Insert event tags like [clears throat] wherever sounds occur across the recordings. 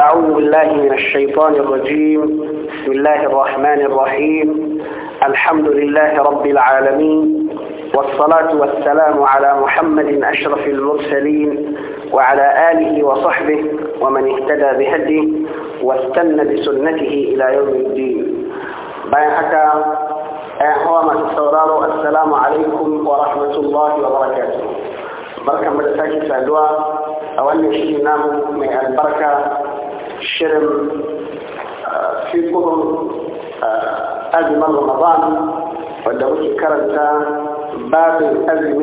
أعوذ بالله من الشيطان الرجيم بسم الله الرحمن الرحيم الحمد لله رب العالمين والصلاة والسلام على محمد أشرف المرسلين وعلى آله وصحبه ومن اهتدى بهديه واستنى بسنته إلى يوم الدين بيحك أهوام السورار السلام عليكم ورحمة الله وبركاته بركة مدساك سعدوا أولي شيء نام من البركة الشرم آه، في قرن آه، أزمة رمضان ودوش كرنتا باب الأزم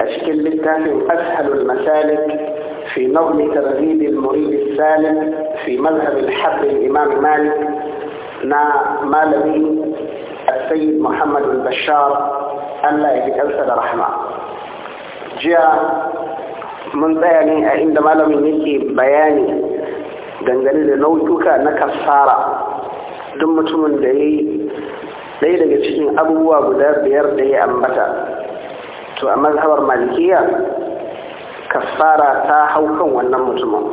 أشكل لك بالتالي أسهل المسالك في نظم ترغيب المريد السالم في مذهب الحب الإمام مالك نا ما لدي السيد محمد البشار أن لا يتأثر رحمه جاء من بياني عندما لم يكن بياني dangane da nau'uka na kasara duk mutumin da ya yi ɗaya daga cikin abubuwa guda biyar da ya ambata to a mazhabar malikiya kasara ta hau kan wannan mutumin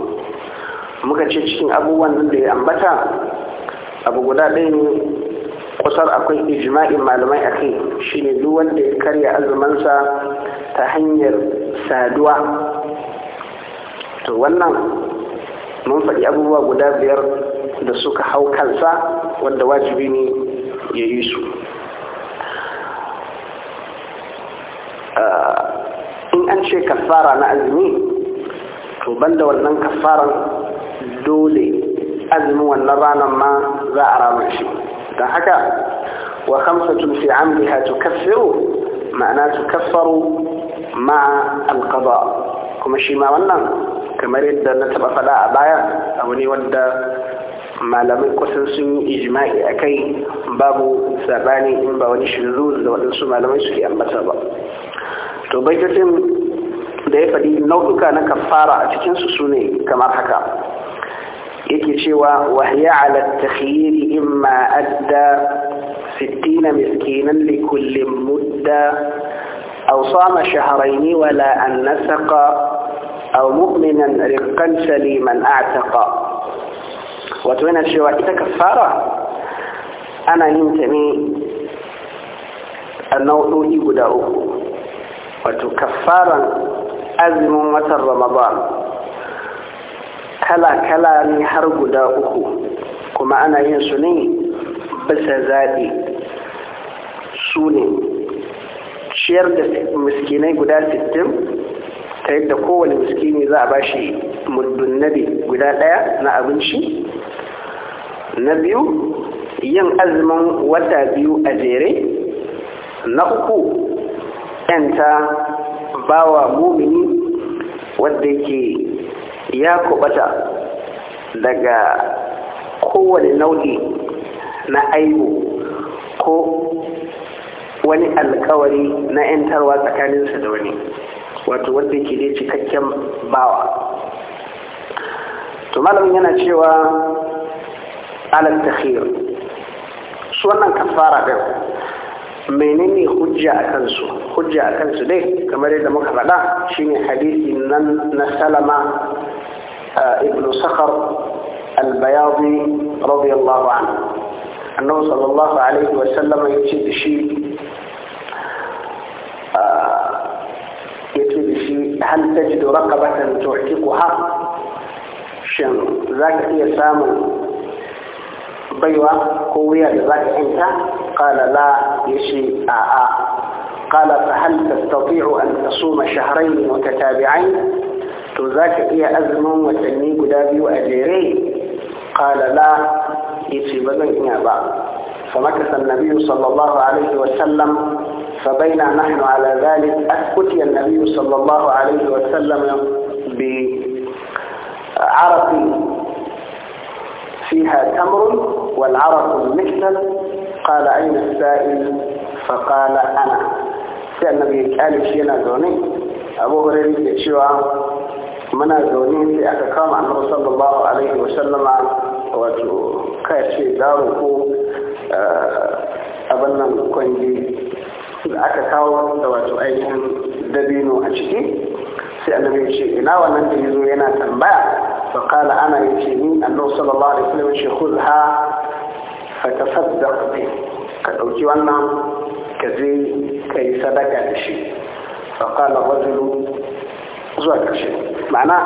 muka ce cikin abubuwan nan da ya ambata abu guda ɗaya ne kusar akwai ijma'in malamai a kai shi ne duk wanda ya karya azumansa ta hanyar saduwa to wannan mun faɗi abubuwa guda biyar da suka hau kansa wanda wajibi ne ya yi su ah, in an ce kafara na azumi to banda wannan kafaran dole azumin wannan ranar ma za a rama shi don haka wa kamsatun fi amriha tukaffiru ma'ana tukaffaru ma alqada kuma shi ma wannan kamar yadda na taɓa faɗa a baya abu ne wanda malamai kusan sun yi ijma'i a kai babu sabani in ba wani shirzu da waɗansu malamai suke ambata ba to baitatin da ya faɗi nau'uka na kafara a cikinsu su ne kamar haka yake cewa wahiya ala in ma adda 60 miskinan li mudda aw sama wala an nasaqa A mu'minan rifqan saliman a'taqa wato yana cewa ita kafara ana yin ta ne a nau'o'i guda uku wato kafaran azumin watan ramadan kala-kala ne har guda uku kuma ana yin su ne bisa zaɓi su ne ciyar da miskinai guda sittin. ta yadda kowane miskini za a bashi muddun nabi guda ɗaya na abinci na biyu yin azumin wata biyu a jere na uku yanta bawa mumini wadda yake ya kubata daga kowane nau'i na aibu ko wani alkawari na 'yantarwa tsakaninsa da wani wato wanda ke dai cikakken bawa to malamin yana cewa alal takhir su wannan fara din menene hujja a kansu hujja a kansu dai kamar yadda muka faɗa shine hadisi nan na salama eh, ibnu sakhar al-bayadi radiyallahu anhu annabi sallallahu alaihi wa sallam yace da shi يتولي في هل تجد رقبة تحققها شن ذاك هي سام بيوة قوية ذاك أنت قال لا يشي آآ قال فهل تستطيع أن تصوم شهرين متتابعين تذاك هي أزم وتنمي قدابي وأجيري قال لا يشي يا بعض فمكث النبي صلى الله عليه وسلم فبينا نحن على ذلك أتي النبي صلى الله عليه وسلم بعرق فيها تمر والعرق المكتل قال أين السائل فقال أنا النبي قال شينا زوني أبو هريرة شوى منا زوني في أكاكام عنه صلى الله عليه وسلم وكاشي داره آه، أبنا كنجي aka kawo da wato ainihin dabino a ciki sai annabi ya ce ina wannan da yazo yana tambaya fa qala ana yace ni annabi sallallahu alaihi wasallam shi khudha fa tasaddaq bi ka dauki wannan ka je kai sadaka da shi fa qala rajulu zuwa karshe ma'ana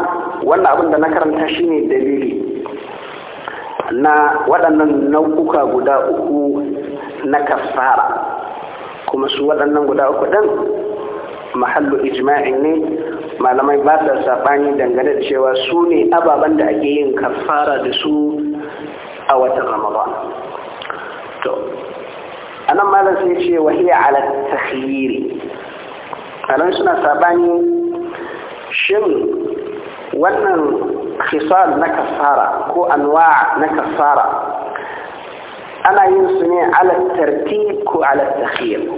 wannan abin da na karanta shine dalili na waɗannan nau'uka guda uku na kafara kuma su waɗannan guda uku ɗin mahallu ijma'in ne malamai ba sa saɓani dangane da cewa su ne ababen da ake yin kafara da su a watan ramadan to anan malam sai ce wa hiya ala takhyiri anan suna saɓani shin wannan khisal na kafara ko anwa na kafara أنا ينصني على الترتيب وعلى التخير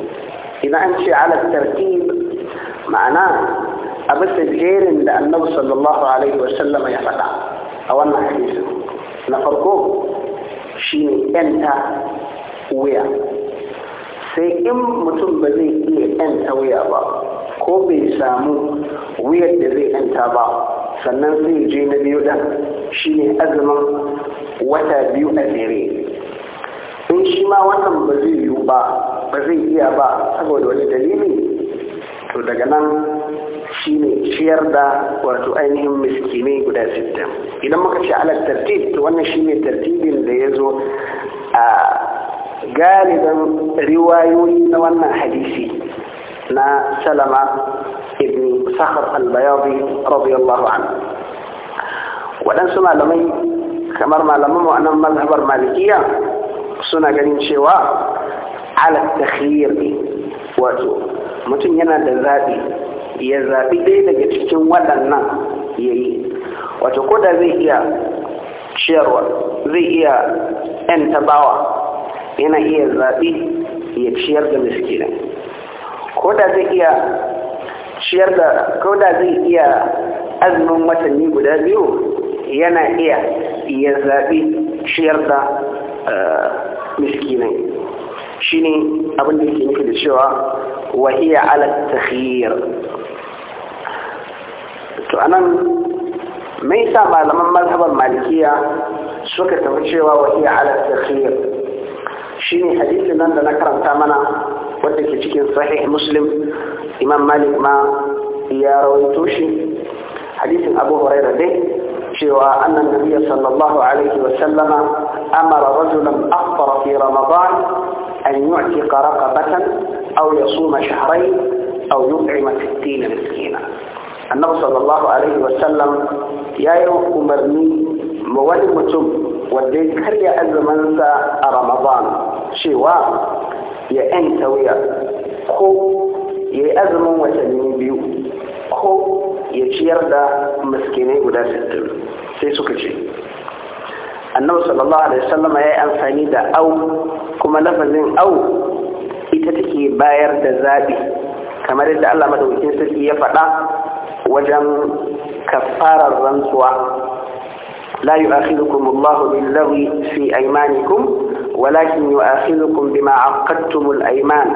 إذا أنت على الترتيب معناه أبدا الجير لأنه النبي صلى الله عليه وسلم يفعل أو أن حديثه نفرقه شيني أنت ويا سيئم متم بذي إيه أنت ويا با كو bai samu wuyar da zai yanta ba sannan zai je na biyu ɗan sai shi ma wannan ba zai yiwu ba ba zai iya ba saboda wani dalili to daga nan shi ne ciyar da wato ainihin miskinai guda sittin idan muka ce alar tartib to wannan shi ne tartibin da ya zo a galibin riwayoyi na wannan hadisi na salama ibn sakhar al-bayabi radiyallahu anhu waɗansu malamai kamar malaman wa'annan mazhabar malikiya suna ganin cewa ala takhir wato mutum yana da zaɓi ya zaɓi ɗaya daga cikin waɗannan ya yi wato ko da zai iya ciyarwa zai iya ‘yan tabawa yana iya zaɓi ya ciyar da miskina ko da zai iya ciyar da ko da zai iya azumin watanni guda biyu yana iya ya zaɓi ciyar da eh, miskinai shine abin da ke nufi da cewa wa hiya ala to anan mai sa malaman mazhabar malikiya suka tafi cewa wa hiya ala takhir shine hadisin nan da na karanta mana wadda ke cikin sahih muslim imam malik ma ya rawaito toshi? hadisin abu hurairah dai cewa annan nabiyyi sallallahu alaihi wa sallama امر رجلا افطر في رمضان ان يعتق رقبه او يصوم شهرين او يطعم ستين مسكينا النبي صلى الله عليه وسلم يا يوم مرمي مولمتم وديك هل يا ازمنت رمضان شوى يا انت ويا خو يا ازمن وتنين بيو خو يا تشيردا مسكيني ولا ستين سي سوكتشي annabi sallallahu alaihi wasallam ya yi amfani da au kuma lafazin au ita take bayar da zabi kamar yadda Allah madaukakin sarki ya faɗa wajen kafarar rantsuwa la yu'akhidukum Allahu bil-lagwi fi aymanikum ولكن يؤاخذكم بما عقدتم الأيمان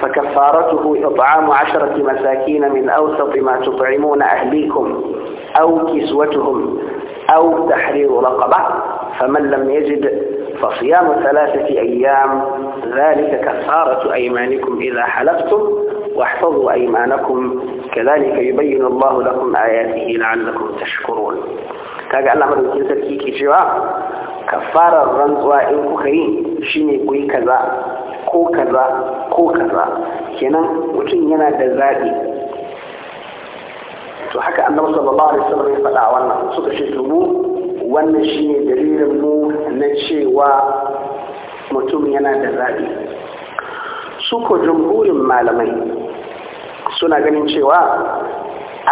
فكفارته إطعام عشرة مساكين من أوسط ما تطعمون أهليكم أو كسوتهم أو تحرير رقبة فمن لم يجد فصيام ثلاثة أيام ذلك كفارة أيمانكم إذا حلفتم واحفظوا أيمانكم كذلك يبين الله لكم آياته لعلكم تشكرون كاد الله من جنسك كجواب ك ف ا ان كخيم شيني كوي كذا كو كذا كو كذا كنا وشينينا جزادي وحكى ان رسول الله صلى الله عليه وسلم يقول لا والله سوف يشتموه wannan shi dalilin mu na cewa mutum yana da zaɓi su ko jumhurin malamai suna ganin cewa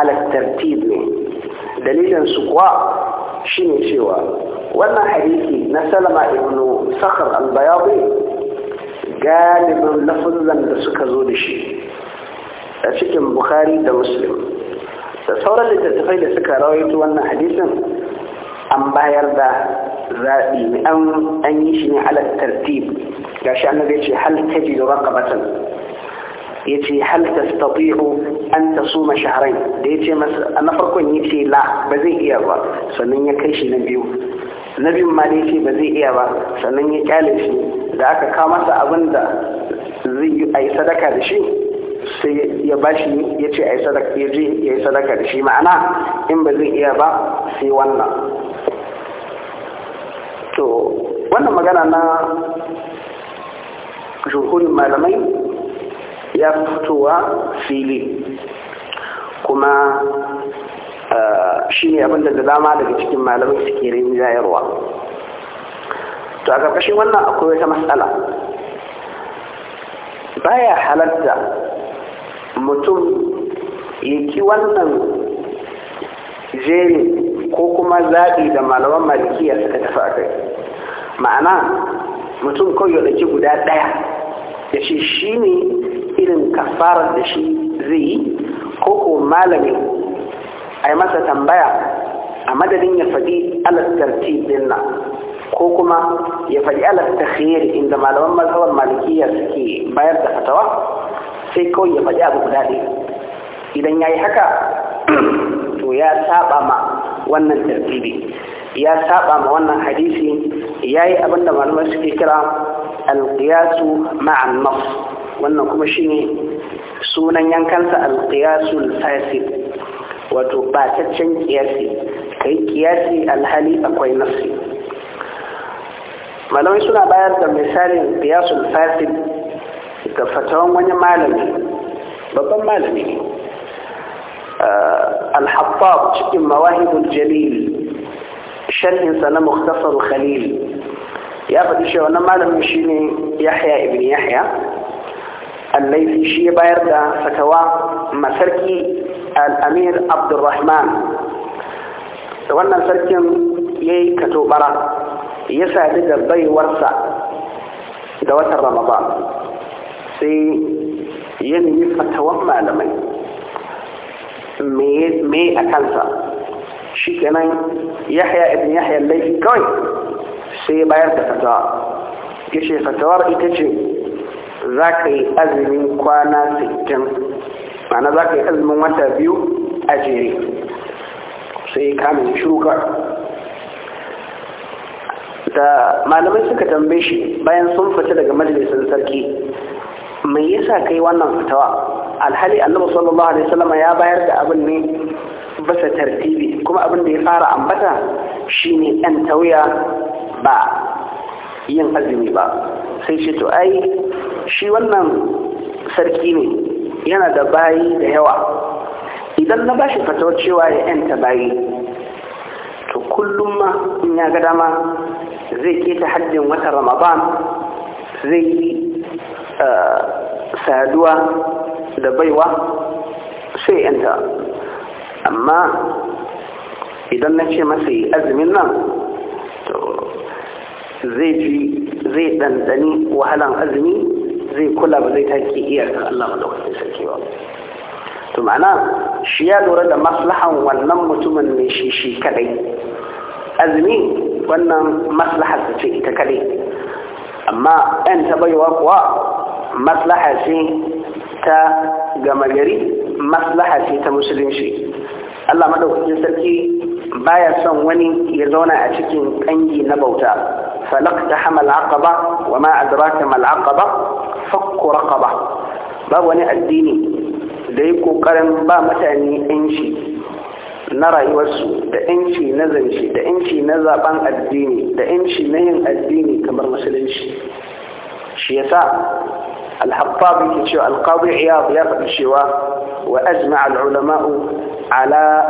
alattartib ne dalilin su kuwa shine cewa wannan hadisi na salama ibnu sakar al galibin lafazan da suka zo da shi a cikin bukhari da muslim da sauran littattafai da suka rawaito wannan hadisin an bayar da zaɓi an yi shi ne alat tartib ga shi annabi ya ce hal taji da raqabatan ya ce hal tastati'u an tasuma shahrayn da ya ce masa na farkon ya ce la ba zai iya ba sannan ya kai shi na biyu na biyun ma da ya ce ba zai iya ba sannan ya kyale shi da aka kawo masa abin da zai yi a yi sadaka da shi sai ya bashi ya ce a yi sadaka da shi ma'ana in ba zai iya ba sai wannan to wannan magana na juhurin malamai ya fitowa fili kuma eh, shi ne abinda da dama daga cikin malamai suke rinjayarwa to a ƙarƙashin wannan akwai wata matsala baya halarta mutum yaki wannan jerin ko kuma zaɓi da malaman malikiya suka tafi a kai ma'ana mutum kawai ya ɗauki guda ɗaya da shi shi ne irin kafarar da shi zai yi ko ko malami a yi masa tambaya a madadin ya faɗi alastarti ɗin nan ko kuma ya faɗi alas ta inda malaman mazhabar malikiya suke bayar da fatawa sai kawai ya faɗi abu guda ɗaya idan ya yi haka [clears throat] to ya saba ma wannan tartibi ya saba ma wannan hadisi yayi abinda malamai suke kira alqiyasu ma'an nas wannan kuma shine sunan yankansa alqiyasul fasid wato bataccen kiyasi kai kiyasi alhali akwai nafsi malamai suna bayar da misalin qiyasul fasid ga fatawan wani malami babban malami ne alhassab cikin mawahibul jalil sharhinsa na muktasar khalil ya faɗi shi wannan malamin shi yahya ibn yahya allaifi shi ya bayar da fatawa masarki al'amir abdurrahman da wannan sarkin ya yi katobara ya sadu da baiwarsa da watan ramadan sai ya nemi fatawan malamai me a kansa shi kenan yahya ibn yahya laifi kawai sai bayar da fatawa ya ce fatawar ita ce za ka yi azumin kwana 60 mana za ka yi azumin wata biyu a jere sai kamun shuka da malamai suka tambaye shi bayan sun fita daga majalisar sarki mai yasa kai wannan fatawa alhali annabi sallallahu alaihi wasallam ya bayar da abin ne sa tartibi kuma abin da ya fara ambata shine dan tauya ba yin azumi ba sai shi to ai shi wannan sarki ne yana da bayi da yawa idan na bashi fatawar cewa ya yanta bayi to kullum ma in ya ga dama zai keta hajjin watan ramadan zai eh, saduwa da baiwa sai yanta amma idan na ce masa yi azumin nan zai ji zai ɗanɗani wahalan azumi zai kula ba zai take iyakar Allah da wasu sarki ba to ma'ana shi ya lura da maslahan wannan mutumin ne shi shi kadai azumi wannan maslahar ce ita kadai amma ɗan ta baiwa kuwa maslaha ce ta gama gari maslaha ce ta musulunci Allah madaukakin sarki baya son wani ya zauna a cikin kangi na bauta falak ta hamal aqaba wa ma adraka mal aqaba fakku raqaba babu wani addini da yi kokarin ba mutane yanci na rayuwarsu da yanci na zance da yanci na zaben addini da yanci na yin addini kamar musulunci shi yasa الحطابي كتشوى القاضي عياض يقضي الشوى وأجمع العلماء على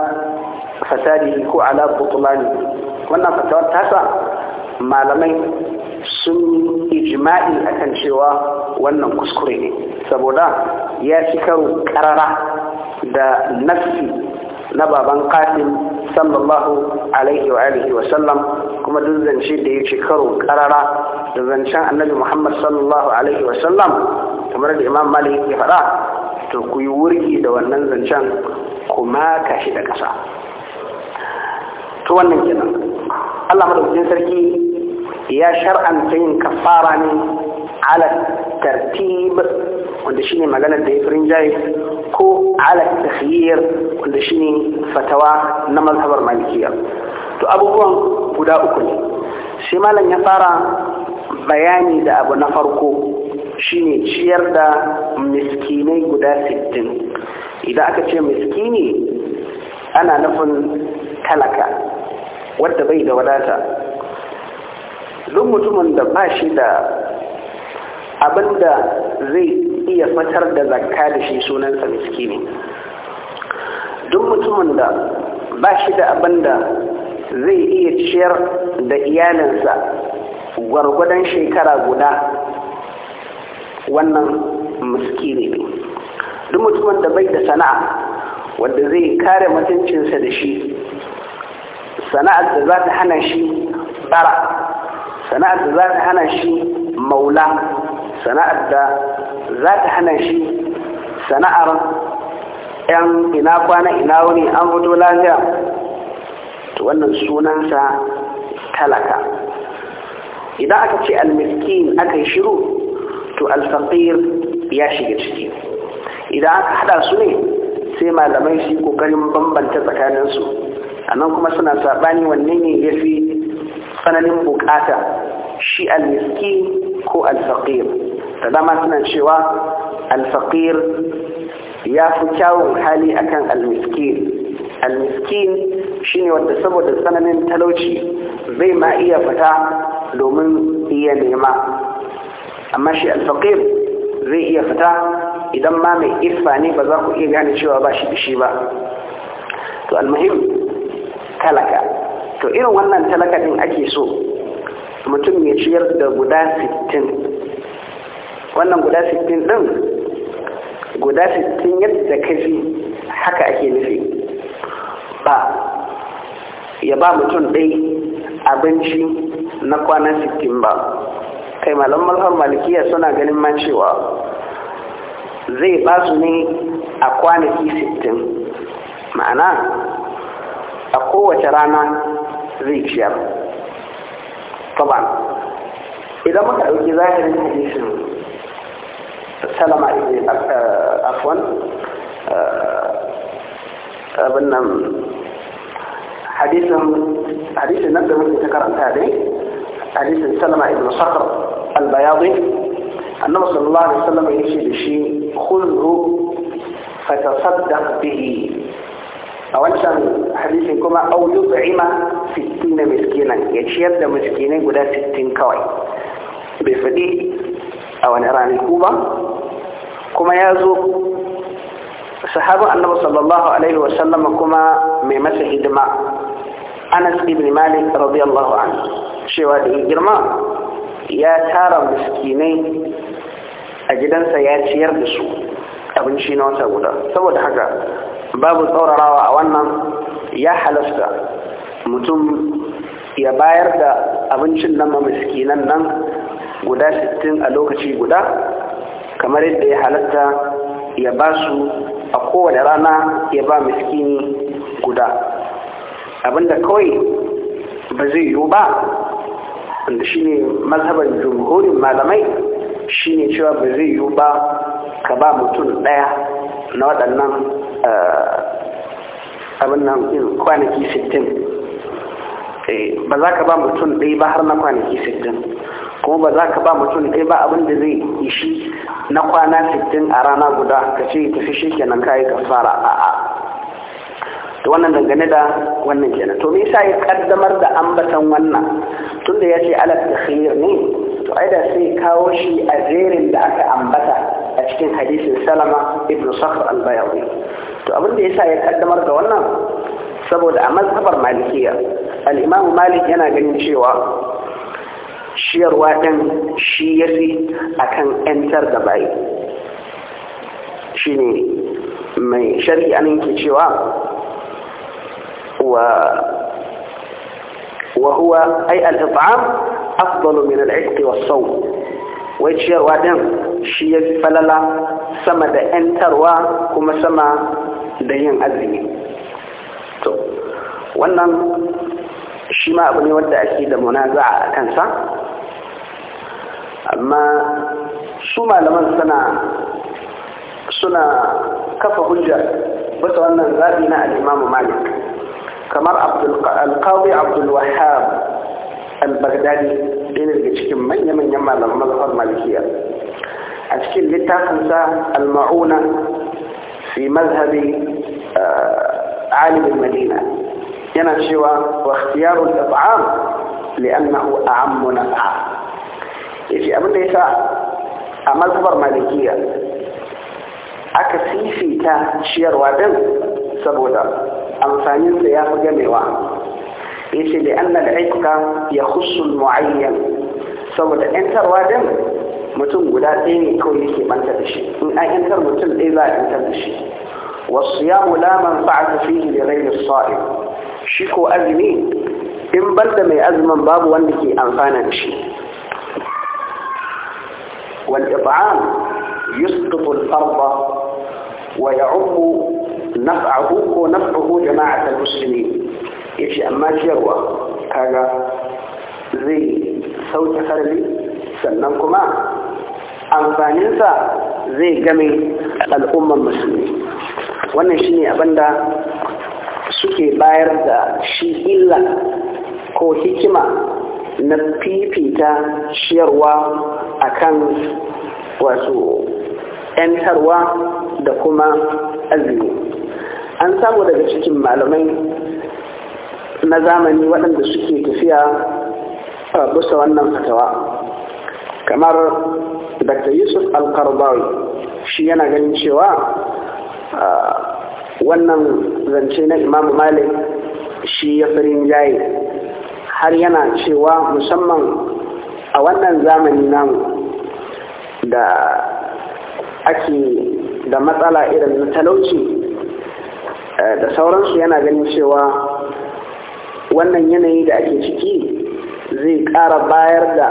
فساده كو على بطلانه وانا فتوى تاسع malamai sun ijma'i akan cewa wannan kuskure saboda ya ci karo karara da nassi na baban kasim sallallahu alaihi wa alihi wa sallam kuma duk zance da ya ce karo karara da zancen annabi muhammad sallallahu alaihi wa sallam kamar da imam malik ya faɗa to ku yi wurgi da wannan zancen kuma ka shi da ƙasa to wannan kenan allah madaukakin sarki ya shar'anta yin kafara ne ala tartib wanda shine maganar da ya fi rinjaye ko ala takhiyar wanda shine fatawa na mazhabar malikiyar to abubuwan guda uku ne sai malam ya fara bayani da abu na farko shine ciyar da miskinai guda sittin. idan aka ce miskini ana nufin talaka wadda bai da wadata duk mutumin da ba shi da abinda zai ya fitar da zakka da shi sunansa miskini duk mutumin da ba shi da abin da zai iya ciyar da iyalinsa gwargwadon shekara guda wannan miskini ne duk mutumin da bai da sana'a wanda zai kare mutuncinsa da shi sana'ar da za ta hana shi bara sana'ar da za ta hana shi maula sana'ar da za ta hana shi sana'ar yan ina kwana ina wuni an fito lafiya to wannan sunansa talaka idan aka ce almiskin aka yi shiru to alfaqir ya shiga ciki idan aka hada su ne sai malamai shi kokarin bambanta tsakaninsu anan kuma suna saɓani wanne ne ya fi tsananin bukata shi almiski ko alfaqir da dama suna cewa AlFaqir ya fi kyawun hali akan almiskin almiskin shine wanda saboda tsananin talauci zai ma iya fita domin iya nema amma shi AlFaqir zai iya fita idan ma mai Isfani ne ba za ku iya gane cewa ba shi bishi ba to almuhim talaka to irin wannan talaka din ake so mutum ya ciyar da guda sittin. wannan guda 60 din guda 60 yadda ka ji haka ake nufi ba ya ba mutum ɗai abinci na kwana 60 ba kai malam malhar malikiya suna ganin ma cewa zai ba su ne a kwanaki 60 ma'ana a kowace rana zai ciyar. Taban, idan muka ɗauki zahirin hadisin السلام عليكم أه، أه، أه، حديث النبي من ذكر هذه حديث سلمة ابن صخر البياضي النبي صلى الله عليه وسلم يشيل شيء خذه فتصدق به أو أنت حديث كما أو يطعم ستين مسكينا يشيد يعني مسكينا قد ستين كوي بفدي أو نراني كوبا kuma ya zo sahabin annabi sallallahu alaihi wasallam kuma mai masa hidima anas ibn malik radiyallahu anhu cewa da girma ya tara miskinai a gidansa ya ciyar da su abinci na wata guda saboda haka babu tsaurarawa a wannan ya halasta mutum ya bayar da abincin nan ma miskinan nan guda 60 a lokaci guda kamar yadda ya halatta ya ba su a kowane rana ya ba miskini guda abinda kawai ba zai yiwu ba wanda ne mazhabar jumhurin malamai shi ne cewa ba zai yiwu ba ka ba mutum daya na waɗannan eh, abin nan kwanaki 60 eh, ba za ka ba mutum ɗaya ba har na kwanaki 60 kuma ba za ka ba mutum ɗaya ba abin da zai ishi na kwana sittin a rana guda ka ce tafi shi kenan kayi fara. a a to wannan dangane da wannan kenan to me yasa ya kaddamar da ambatan wannan tunda ya ce ala takhir ne to ai da sai kawo shi a jerin da aka ambata a cikin hadisin salama ibn sakhr al-bayawi to abin da yasa ya kaddamar da wannan saboda a mazhabar malikiya al-imam malik yana ganin cewa shiyarwa ɗin shi ya fi a kan ‘yantar da bayi shi ne mai shari'a nan ke cewa wa huwa ai al'ifam afdalu min al'aiki wa sau wai ciyarwa ɗin shi ya fi falala sama da ‘yantarwa kuma sama da yin azumi wannan shi ma abu ne wanda ake da munaza a kansa amma su malaman suna suna kafa hujja bisa wannan zaɓi na al'imamu malik kamar alƙawi abdulwahab al-baghdadi ɗaya daga cikin manya-manyan malaman mazhabar malikiya a cikin littafinsa al-ma'una fi mazhabi eh, alimin madina yana cewa wa ikhtiyarul at'am li'annahu a'ammu naf'a yace abinda da yasa a mazhabar malikiya aka fifita ciyarwa din saboda amfanin da ya fi gamewa yace da annal aikka ya khussul muayyan saboda yantarwa din mutum guda ɗaya ne kawai yake banta da shi in an yantar mutum ɗaya za a yantar da shi wasu ya mula manfa'atu fihi da ghairi sa'im shi ko azumi in banda mai azumin babu wanda ke amfana da shi والإطعام يسقط الفرض ويعم نفعه ونفعه جماعة المسلمين يجي أما جروة كذا زي سوت فرلي سننكما أنفانيسا زي جمي الأمة المسلمين wannan shine abinda suke bayar da shi illa ko hikima na fifita shiyarwa a kan wasu ‘yantarwa da kuma azumi an samu daga cikin malamai na zamani waɗanda suke tafiya a bisa wannan fatawa kamar dr yusuf al shi yana ganin cewa wannan zance na Imam malik shi ya farin jaye har yana cewa musamman a wannan zamani namu da ake da matsala irin na talauci eh, da sauransu yana ganin cewa wannan yanayi da ake ciki zai ƙara bayar da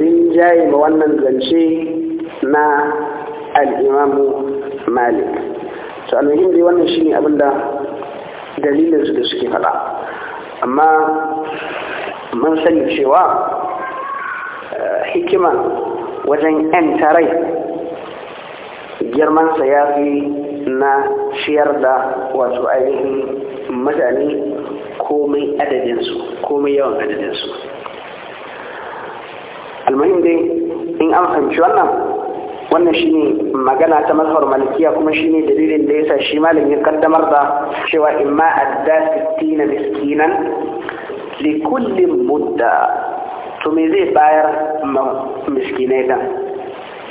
rinjaye ma wannan zance na al'imamu malik to almuhim dai wannan shine abinda dalilinsu da suke faɗa amma mun sani cewa eh, hikima wajen 'yan tarai girmansa ya fi na ciyar da wasu ainihin mutane komai adadinsu komai yawan adadinsu almahim dai in an fahimci wannan wannan shine magana ta mazhar malikiya kuma shine dalilin da yasa shi malam ya kaddamar da cewa imma adda 60 miskinan likullin mudda to me zai bayar ma miskinai dan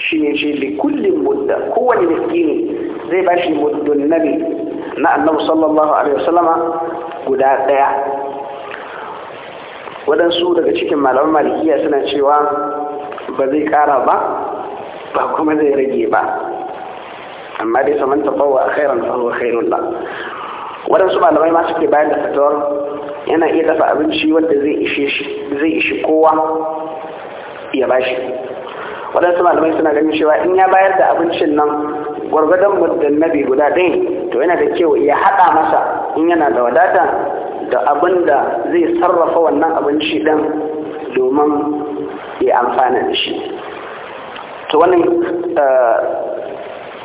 shi ne ce likullin mudda kowane miskini zai ba shi muddun nabi na annabu sallallahu alaihi wasallama guda daya waɗansu daga cikin malamar malikiya suna cewa ba zai ƙara ba ba kuma zai rage ba amma dai saman tafawa a khairan fahimta khairun ba waɗansu malamai ma suke bayan da fitowar yana iya dafa abinci wanda zai ishi kowa ya bashi waɗansu malamai suna ganin cewa in ya bayar da abincin nan gwargwadon muddin nabi guda ɗaya to yana da kyau ya haɗa masa in yana da wadata da abin da zai sarrafa wannan abinci ɗin domin ya amfana da shi to wannan eh,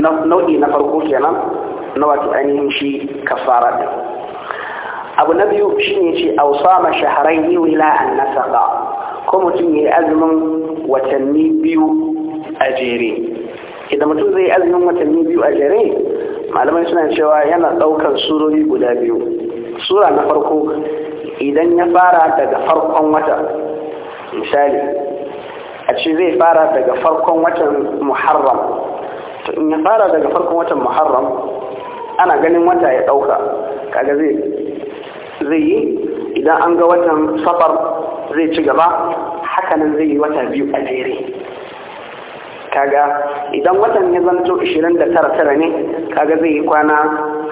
nau'i na farko kenan na wato ainihin shi kafara ɗin abu na biyu shi shine ce ausama shaharai wila an nasaka ko mutum ya yi azumin watanni biyu a jere idan mutum zai yi azumin watanni biyu a jere malamai suna cewa yana ɗaukar surori guda biyu sura na farko idan ya fara daga farkon wata misali a ce zai fara daga farkon watan muharram to in ya fara daga farkon watan muharram ana ganin wata ya ɗauka kaga zai zai yi idan an ga watan safar zai ci gaba hakanan zai yi wata biyu a jere kaga idan watan ya zanto 29 ne kaga zai yi kwana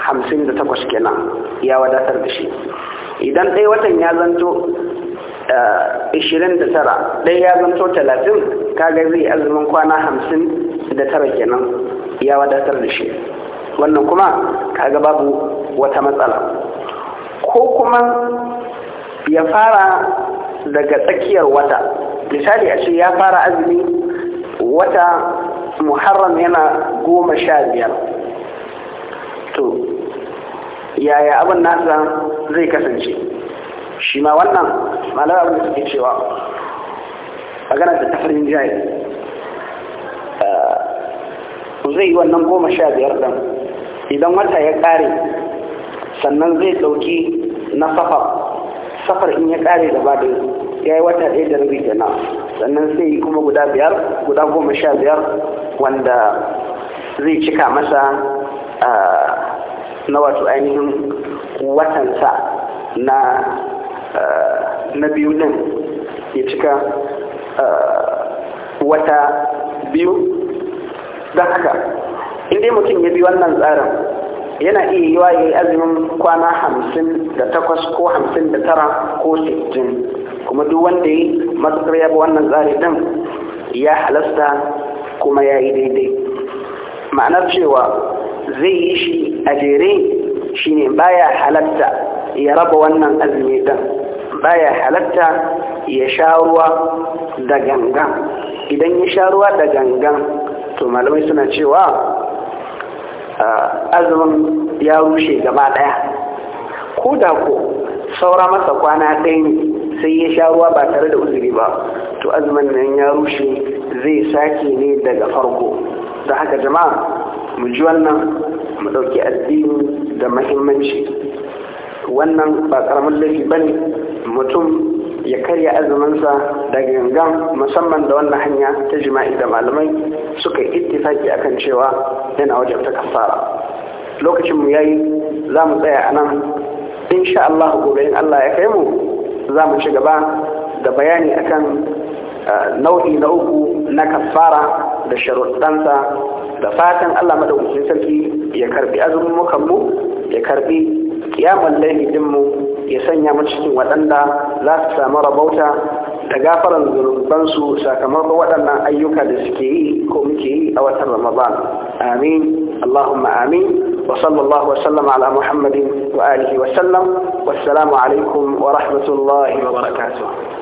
58 kenan ya wadatar da shi idan ɗaya watan ya zanto 29 eh, ɗaya ya zanto 30 kaga zai yi azumin kwana 59 kenan ya wadatar da shi wannan kuma kaga babu wata matsala ko kuma ya fara daga tsakiyar wata misali a ce ya fara azumi wata muharram yana goma sha biyar to yaya abin nasa zai kasance shi ma wannan malar abin suke cewa magana da tafarin jayi eh, zai yi wannan goma sha biyar ɗan. idan wata ya ƙare sannan zai ɗauki na safar safar in ya kare da bada ya yi wata ɗaya da rubi kenan sannan sai yi kuma guda biyar guda goma sha biyar wanda zai cika masa na wato ainihin watansa na na biyu din ya cika wata biyu don haka inda mutum ya bi wannan tsarin yana iya yiwa ya yi azumin kwana hamsin da takwas ko hamsin da tara ko sittin kuma duk wanda yi matuƙar ya bi wannan tsari ɗin ya halasta kuma ya yi daidai ma'anar cewa zai yi shi a jere shine baya halatta ya raba wannan azumi ɗin baya halatta ya sha ruwa da gangan idan ya sha ruwa da gangan to malamai suna cewa Ah, azumin ya rushe gaba ɗaya ko da ko saura masa kwana ɗaya ne sai ya sha ruwa ba tare da uzuri ba to azumin nan ya rushe zai sake ne daga farko da haka jama'a mu ji wannan mu ɗauki addini da mahimmanci wannan ba ƙaramin laifi ba ne mutum ya karya azuminsa daga gangan musamman da wannan hanya ta jima'i da malamai suka yi ittifaki akan cewa yana wajen ta kafara lokacin mu yayi za mu tsaya a nan insha Allah gobe in Allah ya kai mu za mu ci gaba da bayani akan uh, nau'i na uku na kafara da sharuɗansa da fatan Allah madaukakin sarki ya karbi azumin mu ya karbi kiyamun laifin mu ya sanya mu cikin waɗanda za su samu rabauta da gafaran zunubansu sakamakon waɗannan ayyuka da suke yi ko muke yi a watan ramadan amin allahumma amin wa sallallahu wasallam ala muhammadin wa alihi wasallam wassalamu alaikum wa rahmatullahi wa barakatuh